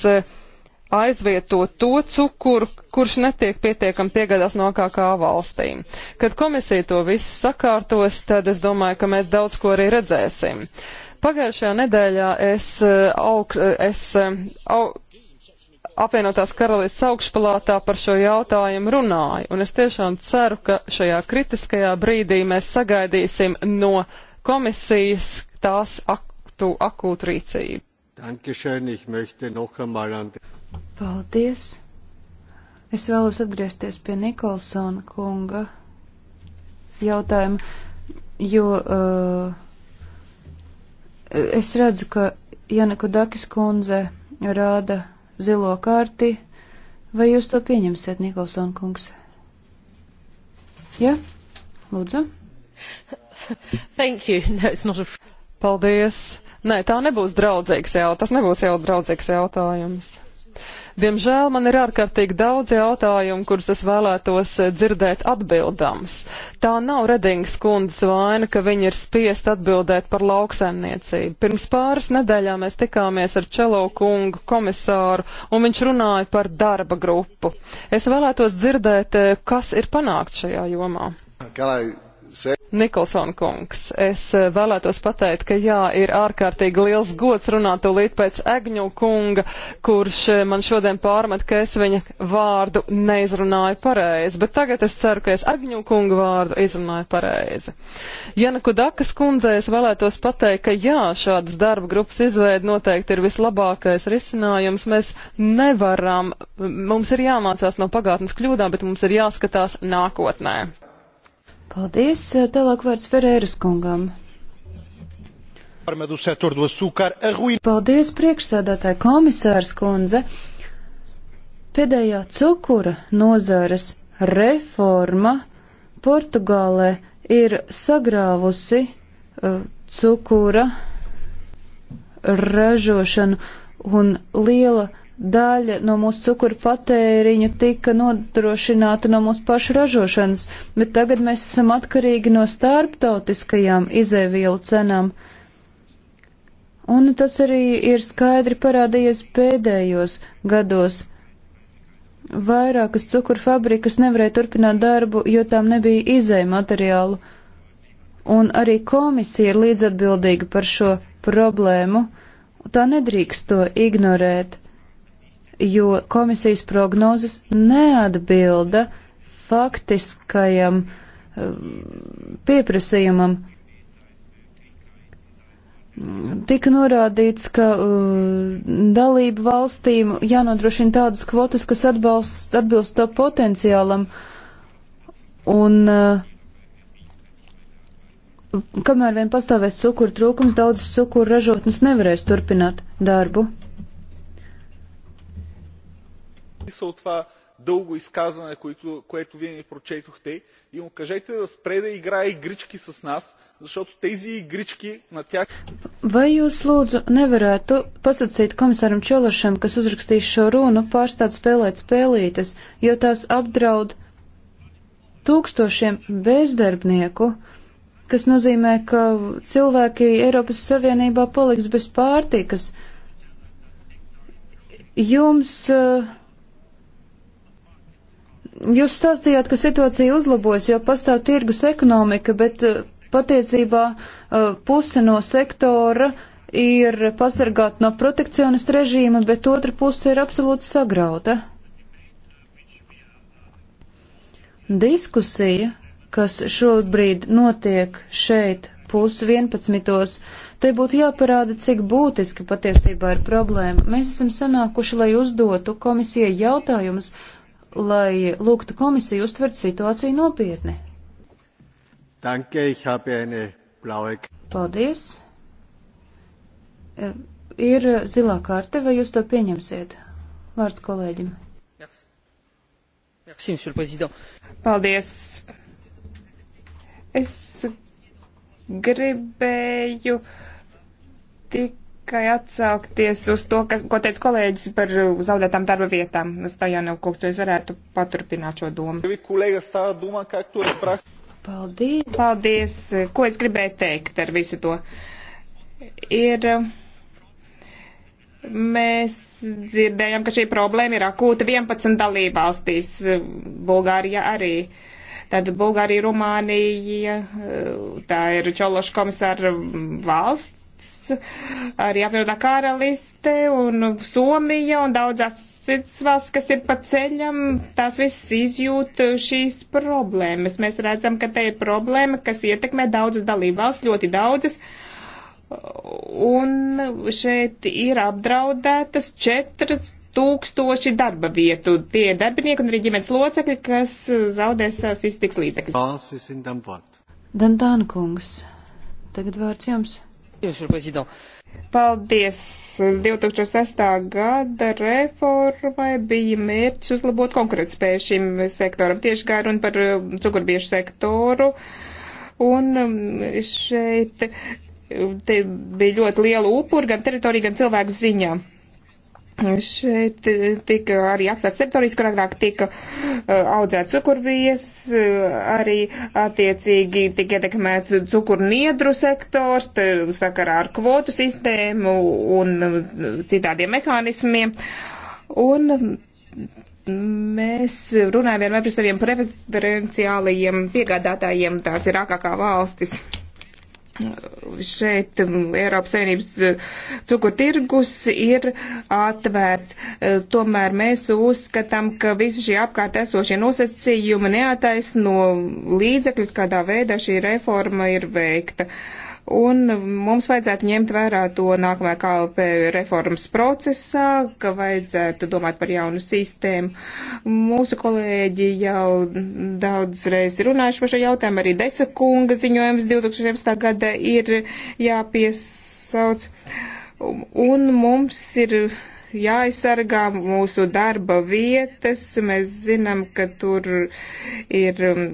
aizvietot to cukuru, kurš netiek pietiekami piegādās no AKK valstīm. Kad komisija to visu sakārtos, tad es domāju, ka mēs daudz ko arī redzēsim. Pagājušajā nedēļā es, eh, aug, eh, es eh, aug, apvienotās karalists augšpalātā par šo jautājumu runāju, un es tiešām ceru, ka šajā kritiskajā brīdī mēs sagaidīsim no komisijas tās aktu akūtu rīcību. Dankeschön, ich möchte noch einmal an Paldies! Es vēlos atgriezties pie Nikolsona kunga jautājuma, jo uh, es redzu, ka Janeko Dakis kundze rāda zilo karti. Vai jūs to pieņemsiet, Nikolsona kungs? Jā, ja? lūdzu. Thank you. No, it's not a... Paldies. Nē, tā nebūs draudzīgs jautājums. Tas nebūs jau draudzīgs jautājums. Diemžēl man ir ārkārtīgi daudz jautājumu, kurus es vēlētos eh, dzirdēt atbildams. Tā nav Redingas kundzes vaina, ka viņa ir spiest atbildēt par lauksaimniecību. Pirms pāris nedēļām mēs tikāmies ar Čelo kungu komisāru, un viņš runāja par darba grupu. Es vēlētos dzirdēt, eh, kas ir panākt šajā jomā. Can I Nikolson kungs, es eh, vēlētos pateikt, ka jā, ir ārkārtīgi liels gods runāt tūlīt pēc Egņu kunga, kurš eh, man šodien pārmet, ka es viņa vārdu neizrunāju pareizi, bet tagad es ceru, ka es Egņu kunga vārdu izrunāju pareizi. Jana Kudakas kundzei es vēlētos pateikt, ka jā, šādas darba grupas izveida noteikti ir vislabākais risinājums. Mēs nevaram, mums ir jāmācās no pagātnes kļūdām, bet mums ir jāskatās nākotnē. Paldies. Tālāk vārds Ferēras kungam. Paldies, priekšsēdētāji komisārs kundze. Pēdējā cukura nozares reforma Portugālē ir sagrāvusi uh, cukura ražošanu un liela daļa no mūsu cukuru patēriņa tika nodrošināta no mūsu pašu ražošanas, bet tagad mēs esam atkarīgi no starptautiskajām izēvielu cenām. Un tas arī ir skaidri parādījies pēdējos gados. Vairākas cukuru fabrikas nevarēja turpināt darbu, jo tām nebija izēja materiālu. Un arī komisija ir līdzatbildīga par šo problēmu. Tā nedrīkst to ignorēt jo komisijas prognozes neatbilda faktiskajam eh, pieprasījumam. Tika norādīts, ka uh, dalību valstīm jānodrošina tādas kvotas, kas atbalst, atbilst to potenciālam. Un uh, kamēr vien pastāvēs cukuru trūkums, daudzas cukuru ražotnes nevarēs turpināt darbu смисъл това дълго изказване, което, което вие ни прочетохте и му кажете да спре да играе игрички с нас, защото тези игрички на тях... Vai jūs lūdzu nevarētu pasacīt komisaram Čološam, kas uzrakstīs šo runu, pārstāt spēlēt spēlītes, jo tās apdraud tūkstošiem bezdarbnieku, kas nozīmē, ka cilvēki Eiropas Savienībā paliks bez pārtikas. Jums uh, Jūs stāstījāt, ka situācija uzlabojas, jo pastāv tirgus ekonomika, bet eh, patiesībā eh, puse no sektora ir pasargāta no protekcionistu režīma, bet otra puse ir absolūti sagrauta. Diskusija, kas šobrīd notiek šeit pus 11. Te būtu jāparāda, cik būtiski patiesībā ir problēma. Mēs esam sanākuši, lai uzdotu komisijai jautājumus, lai lūgtu komisiju uztvert situāciju nopietni. Danke, ich habe eine blaue. Paldies. Eh, ir zilā karte, vai jūs to pieņemsiet? Vārds kolēģim. Merci, Merci monsieur le président. Paldies. Es gribēju tik tikai atsaukties uz to, kas, ko teica kolēģis par zaudētām darba vietām. Es tā jau nav kungs, es varētu paturpināt šo domu. Paldies. Paldies. Ko es gribēju teikt ar visu to? Ir. Mēs dzirdējam, ka šī problēma ir akūta 11 dalībvalstīs, Bulgārija arī. Tad Bulgārija, Rumānija, tā ir Čološa komisāra valsts arī apvienotā karaliste un Somija un daudzās citas valsts, kas ir pa ceļam, tās viss izjūt šīs problēmas. Mēs redzam, ka te ir problēma, kas ietekmē daudzas dalībvalsts, ļoti daudzas. Un šeit ir apdraudētas četras tūkstoši darba vietu. Tie ir darbinieki un arī ģimenes locekļi, kas zaudēs savus iztiks līdzekļus. Dantāna kungs, tagad vārds jums. Paldies! 2006. gada reformai bija mērķis uzlabot konkurētspēju šim sektoram. Tieši gāja runa par um, cukurbiešu sektoru. Un um, šeit um, bija ļoti liela upura gan teritorija, gan cilvēku ziņā. Šeit eh, tika arī atstāts teritorijas, kur agrāk tika uh, audzēts cukurbijas, uh, eh, arī attiecīgi tika ietekmēts cukurniedru sektors, sakarā ar kvotu sistēmu un citādiem mehānismiem. Un mm, mēs runājam vienmēr par saviem preferenciālajiem piegādātājiem, tās ir ārākā valstis šeit um, Eiropas Savienības uh, cukurtirgus ir atvērts. Uh, tomēr mēs uzskatām, ka visi šie apkārt esošie nosacījumi neataisno līdzekļus, kādā veidā šī reforma ir veikta. Uh, Un mums vajadzētu ņemt vērā to nākamajā KLP reformas procesā, ka vajadzētu domāt par jaunu sistēmu. Mūsu kolēģi jau daudz reizi runājuši par šo jautājumu, arī Desa kunga ziņojums 2011. gada ir jāpiesauc. Un mums ir jāaizsargā mūsu darba vietas. Mēs zinām, ka tur ir um,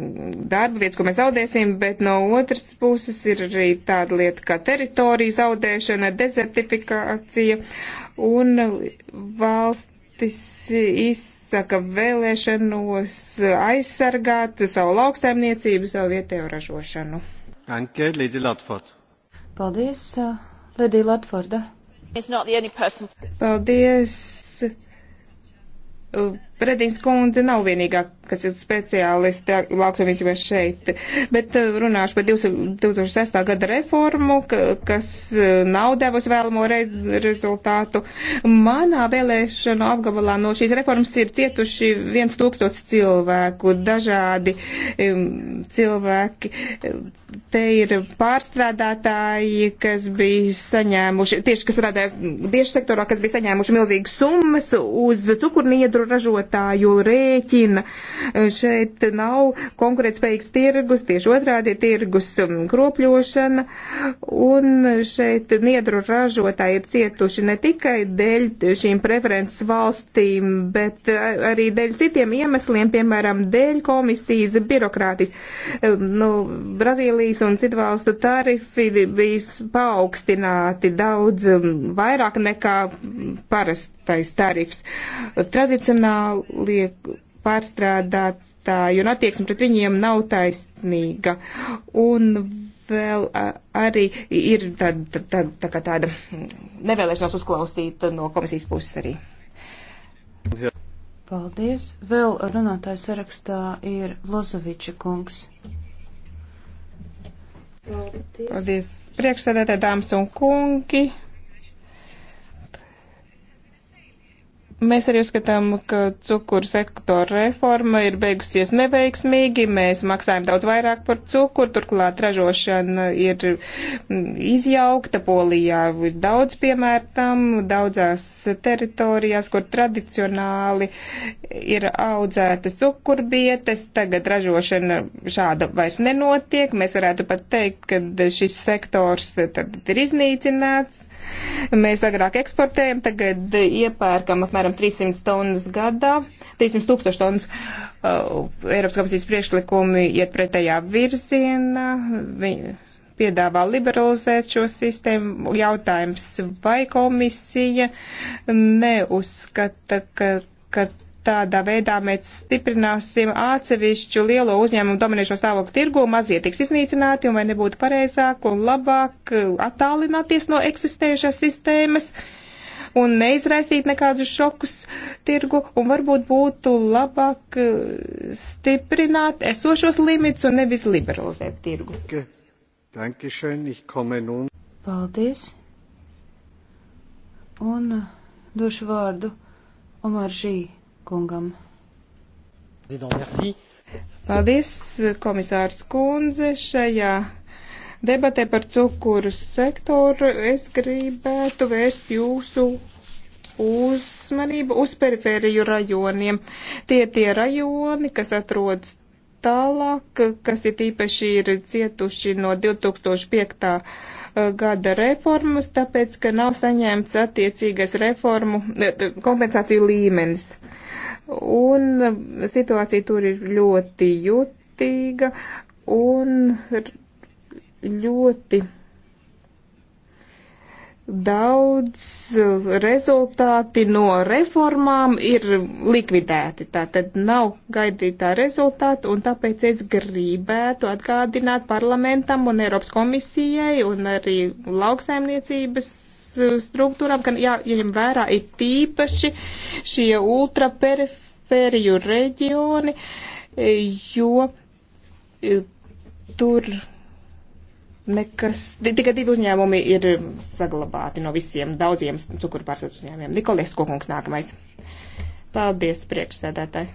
darba vietas, ko mēs zaudēsim, bet no otras puses ir arī tāda lieta kā teritorija zaudēšana, dezertifikācija un valstis izsaka vēlēšanos aizsargāt savu lauksaimniecību, savu vietējo ražošanu. Anke, Lady Latford. Paldies, uh, Lady Latforda. Paldies! Redīns kundze nav vienīgā, kas ir speciālisti lauksaimniecībā šeit, bet uh, runāšu par 2006. gada reformu, kas uh, nav devusi vēlamo re rezultātu. Manā vēlēšanu apgabalā no šīs reformas ir cietuši viens tūkstots cilvēku, dažādi um, cilvēki. Uh, te ir pārstrādātāji, kas bija saņēmuši, tieši kas strādāja bieži sektorā, kas bija saņēmuši milzīgas summas uz cukurniedru ražotāju rēķina. E, šeit nav konkurētspējīgs tirgus, tieši otrādi ir tirgus um, kropļošana, un šeit niedru ražotāji ir cietuši ne tikai dēļ šīm preferences valstīm, bet e, arī dēļ citiem iemesliem, piemēram, dēļ komisijas birokrātijas. E, nu, Brazīlijas un citu valstu tarifi bija paaugstināti daudz um, vairāk nekā parasti vienotais tarifs. Tradicionālie pārstrādātāji un attieksme pret viņiem nav taisnīga. Un vēl arī ir tāda, tāda, tā kā tāda nevēlēšanās uzklausīt no komisijas puses arī. Paldies. Vēl runātājs sarakstā ir Lozoviča kungs. Paldies. Paldies. Priekšsēdētāji, dāmas un kungi. Mēs arī uzskatām, ka cukuru sektora reforma ir beigusies neveiksmīgi. Mēs maksājam daudz vairāk par cukuru, turklāt ražošana ir mm, izjaukta. Polijā ir daudz piemērtam, daudzās teritorijās, kur tradicionāli ir audzētas cukurbietes. Tagad ražošana šāda vairs nenotiek. Mēs varētu pat teikt, ka šis sektors tad ir iznīcināts Mēs agrāk eksportējam, tagad iepērkam apmēram 300 tonnas gadā, 300 tūkstoši tonnas. Uh, Eiropas komisijas priekšlikumi iet pretējā virzienā. Viņi piedāvā liberalizēt šo sistēmu. Jautājums, vai komisija neuzskata, ka, ka Tādā veidā mēs stiprināsim atsevišķu lielo uzņēmumu dominēšo stāvokli tirgu, mazie tiks iznīcināti un vai nebūtu pareizāk un labāk uh, attālināties no eksistējušās sistēmas un neizraisīt nekādus šokus tirgu un varbūt būtu labāk uh, stiprināt esošos limits un nevis liberalizēt tirgu. Paldies. Un uh, došu vārdu Omar Žī kungam. Paldies, komisārs kundze. Šajā debatē par cukuru sektoru es gribētu vērst jūsu uzmanību uz perifēriju rajoniem. Tie tie rajoni, kas atrodas tālāk, kas ir īpaši ir cietuši no 2005 Eh, gada reformas, tāpēc, ka nav saņemts attiecīgais reformu eh, eh, kompensāciju līmenis. Un situācija tur ir ļoti jutīga un ļoti daudz eh, rezultāti no reformām ir likvidēti. Tātad nav gaidītā rezultāta, un tāpēc es gribētu atgādināt parlamentam un Eiropas komisijai un arī lauksaimniecības eh, struktūrām, ka jāņem vērā ir tīpaši šie ultraperiferiju reģioni, eh, jo tur nekas, tikai divi uzņēmumi ir eh, saglabāti no visiem daudziem cukurpārsas uzņēmumiem. Nikolies Kokungs nākamais. Paldies, priekšsēdētāji.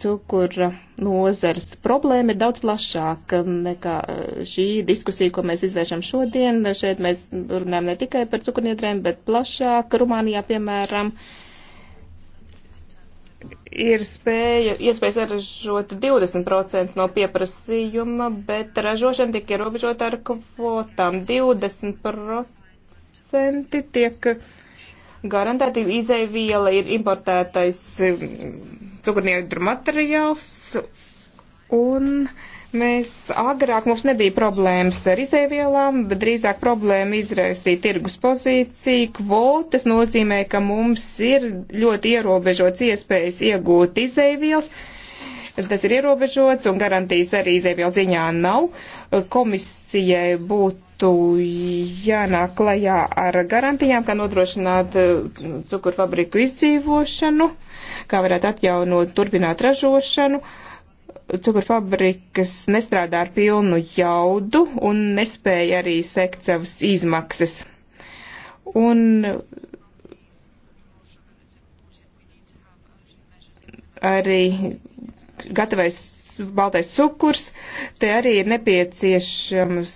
Cukura nozars problēma ir daudz plašāka nekā eh, šī diskusija, ko mēs izvēršam šodien. Šeit mēs runājam ne tikai par cukurniedrēm, bet plašāk. Rumānijā, piemēram, uh, ir spēja, iespēja saražot 20% no pieprasījuma, bet ražošana tiek ierobežota ar kvotām. 20% tiek garantēti izēviela ir importētais mm, cukurniedru materiāls un uh, Mēs agrāk mums nebija problēmas ar izēvielām, bet drīzāk problēma izraisīja tirgus pozīciju. Kvotas nozīmē, ka mums ir ļoti ierobežots iespējas iegūt izēvielas. Tas ir ierobežots un garantijas arī izēvielu ziņā nav. Komisijai būtu jānāk klajā ar garantijām, kā nodrošināt eh, cukurfabriku izdzīvošanu, kā varētu atjaunot, turpināt ražošanu cukurfabrikas nestrādā ar pilnu jaudu un nespēja arī sekt savas izmaksas. Un arī gatavais baltais cukurs, te arī ir nepieciešams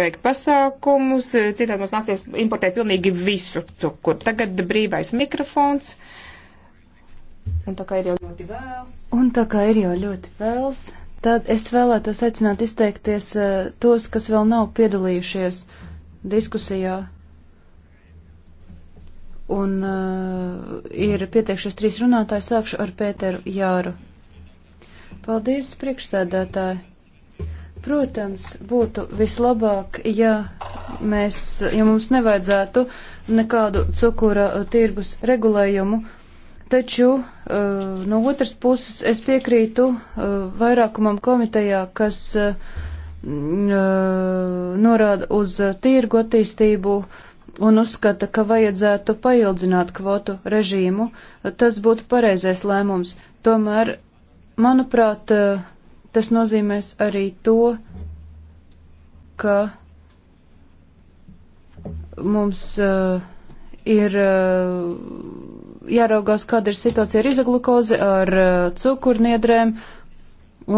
veikt pasākumus, citādi mums nāksies importēt pilnīgi visu cukuru. Tagad brīvais mikrofons. Uh, Un tā kā ir jau ļoti vēls. Un tā kā ir jau ļoti vēls, tad es vēlētos aicināt izteikties eh, tos, kas vēl nav piedalījušies diskusijā. Un uh, ir pieteikšies trīs runātāji, sākšu ar Pēteru Jāru. Paldies, priekšsēdētāji! Protams, būtu vislabāk, ja, mēs, ja mums nevajadzētu nekādu cukura tirgus regulējumu, Taču eh, no otras puses es piekrītu eh, vairākumam komitejā, kas mm, eh, norāda uz tīrgu attīstību un uzskata, ka vajadzētu paildzināt kvotu režīmu. Tas būtu pareizais lēmums. Tomēr, manuprāt, tas nozīmēs arī to, ka mums ir jāraugās, kāda ir situācija ar izaglukozi, ar uh, cukurniedrēm,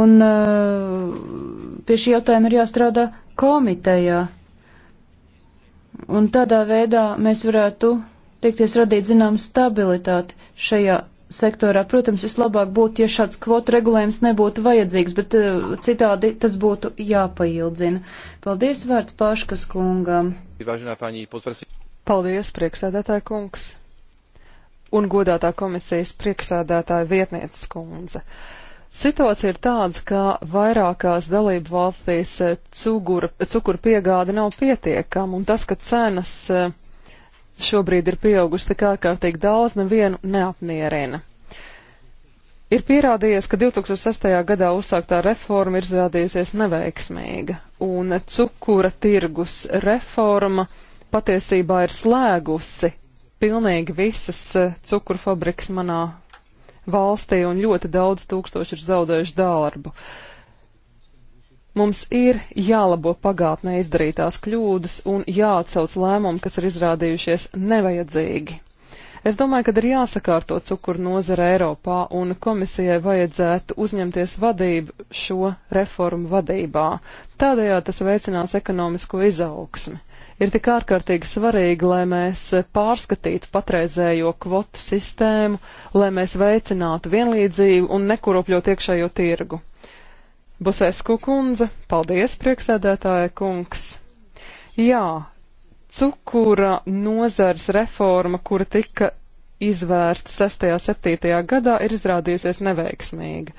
un uh, pie šī jautājuma ir jāstrādā komitejā. Un tādā veidā mēs varētu tiekties radīt zinām stabilitāti šajā sektorā. Protams, vislabāk būtu, ja šāds kvotu regulējums nebūtu vajadzīgs, bet uh, citādi tas būtu jāpaildzina. Paldies vārds Paškas kungam. Paldies, priekšsēdētāja kungs un godātā komisijas priekšsēdētāja vietnieces kundze. Situācija ir tāda, ka vairākās dalību valstīs eh, cukura, cukura piegāde nav pietiekama, un tas, ka cenas eh, šobrīd ir pieaugusi tik ārkārtīgi daudz, nevienu neapmierina. Ir pierādījies, ka 2006. gadā uzsāktā reforma ir izrādījusies neveiksmīga, un cukura tirgus reforma patiesībā ir slēgusi pilnīgi visas eh, cukurfabrikas manā valstī un ļoti daudz tūkstoši ir zaudējuši darbu. Mums ir jālabo pagātnē izdarītās kļūdas un jāatcauc lēmumi, kas ir izrādījušies nevajadzīgi. Es domāju, ka ir jāsakārto cukuru nozara Eiropā un komisijai vajadzētu uzņemties vadību šo reformu vadībā. Tādējādi tas veicinās ekonomisko izaugsmi ir tik ārkārtīgi svarīgi, lai mēs pārskatītu patreizējo kvotu sistēmu, lai mēs veicinātu vienlīdzību un nekuropļot iekšējo tirgu. Busēsku kundze, paldies, prieksēdētāja kungs. Jā, cukura nozars reforma, kura tika izvērsta 6. un 7. gadā, ir izrādījusies neveiksmīga.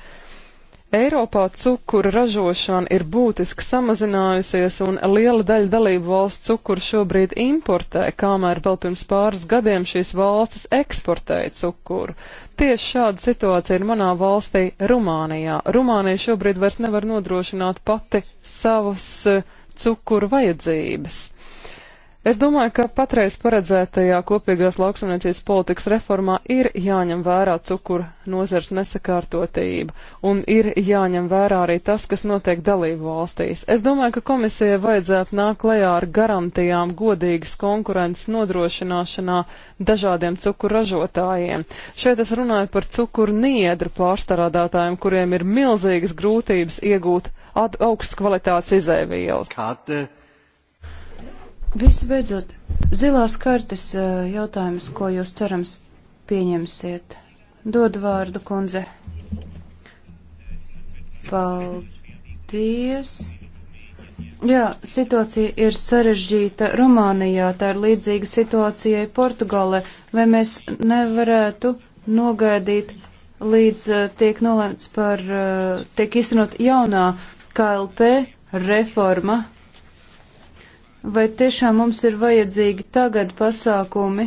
Eiropā cukura ražošana ir būtiski samazinājusies, un liela daļa dalību valsts cukuru šobrīd importē, kamēr vēl pirms pāris gadiem šīs valstis eksportēja cukuru. Tieši šāda situācija ir manā valstī Rumānijā. Rumānija šobrīd vairs nevar nodrošināt pati savas eh, cukuru vajadzības. Es domāju, ka patreiz paredzētajā kopīgās lauksamniecības politikas reformā ir jāņem vērā cukura nozars nesakārtotība un ir jāņem vērā arī tas, kas notiek dalību valstīs. Es domāju, ka komisijai vajadzētu nākt klajā ar garantijām godīgas konkurences nodrošināšanā dažādiem cukuru ražotājiem. Šeit es runāju par cukuru niedru pārstrādātājiem, kuriem ir milzīgas grūtības iegūt augstas kvalitātes izēvielas. Kāda Visu beidzot, zilās kartes eh, jautājums, ko jūs cerams pieņemsiet. Dod vārdu, kundze. Paldies. Jā, situācija ir sarežģīta Rumānijā, tā ir līdzīga situācijai Portugālē. Vai mēs nevarētu nogaidīt, līdz eh, tiek nolēmts par, eh, tiek izsanot jaunā KLP reforma, vai tiešām mums ir vajadzīgi tagad pasākumi,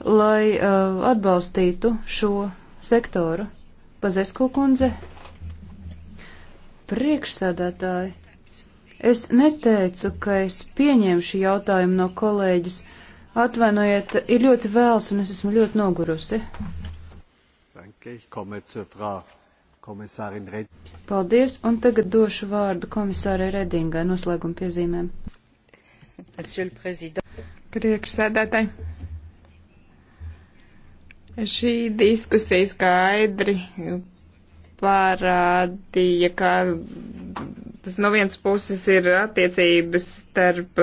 lai uh, atbalstītu šo sektoru. Pazesko kundze, priekšsēdētāji, es neteicu, ka es pieņēmu šī jautājuma no kolēģis. Atvainojiet, ir ļoti vēls un es esmu ļoti nogurusi. Paldies, un tagad došu vārdu komisārai Redingai noslēguma piezīmēm. Priekšsēdētāji. Šī diskusija skaidri parādīja, ka tas no vienas puses ir attiecības starp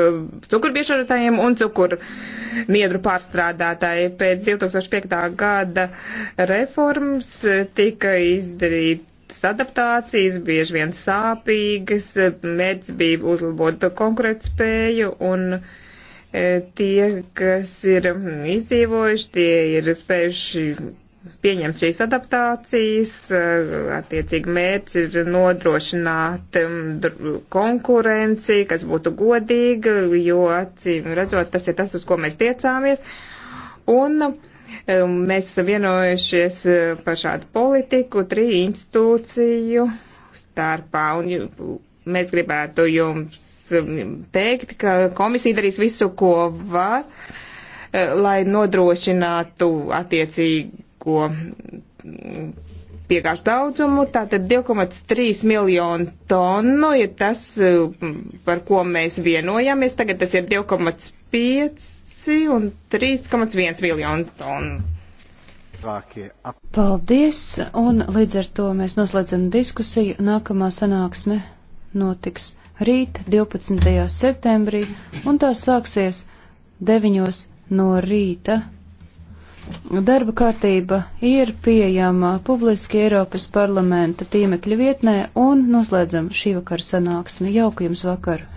cukurbiežotājiem un cukurniedru pārstrādātāji. Pēc 2005. gada reformas tika izdarīt adaptācijas, bieži vien sāpīgas, mērķis bija uzlabot konkurētspēju un e, tie, kas ir izdzīvojuši, tie ir spējuši pieņemt šīs adaptācijas, e, attiecīgi mērķis ir nodrošināt konkurenci, kas būtu godīga, jo, acīm redzot, tas ir tas, uz ko mēs tiecāmies. Un uh, Um, mēs esam vienojušies uh, par šādu politiku triju institūciju starpā, un mēs gribētu jums um, teikt, ka komisija darīs visu, ko var, uh, lai nodrošinātu attiecīgo mm, piegāžu daudzumu, tātad 2,3 miljonu tonu ir tas, uh, par ko mēs vienojamies. Tagad tas ir 2,5 5 un 3,1 miljonu tonu. Paldies, un līdz ar to mēs noslēdzam diskusiju. Nākamā sanāksme notiks rīt 12. septembrī, un tā sāksies 9 no rīta. Darba kārtība ir pieejama publiski Eiropas parlamenta tīmekļa vietnē un noslēdzam šī vakara sanāksmi. Jauku jums vakaru!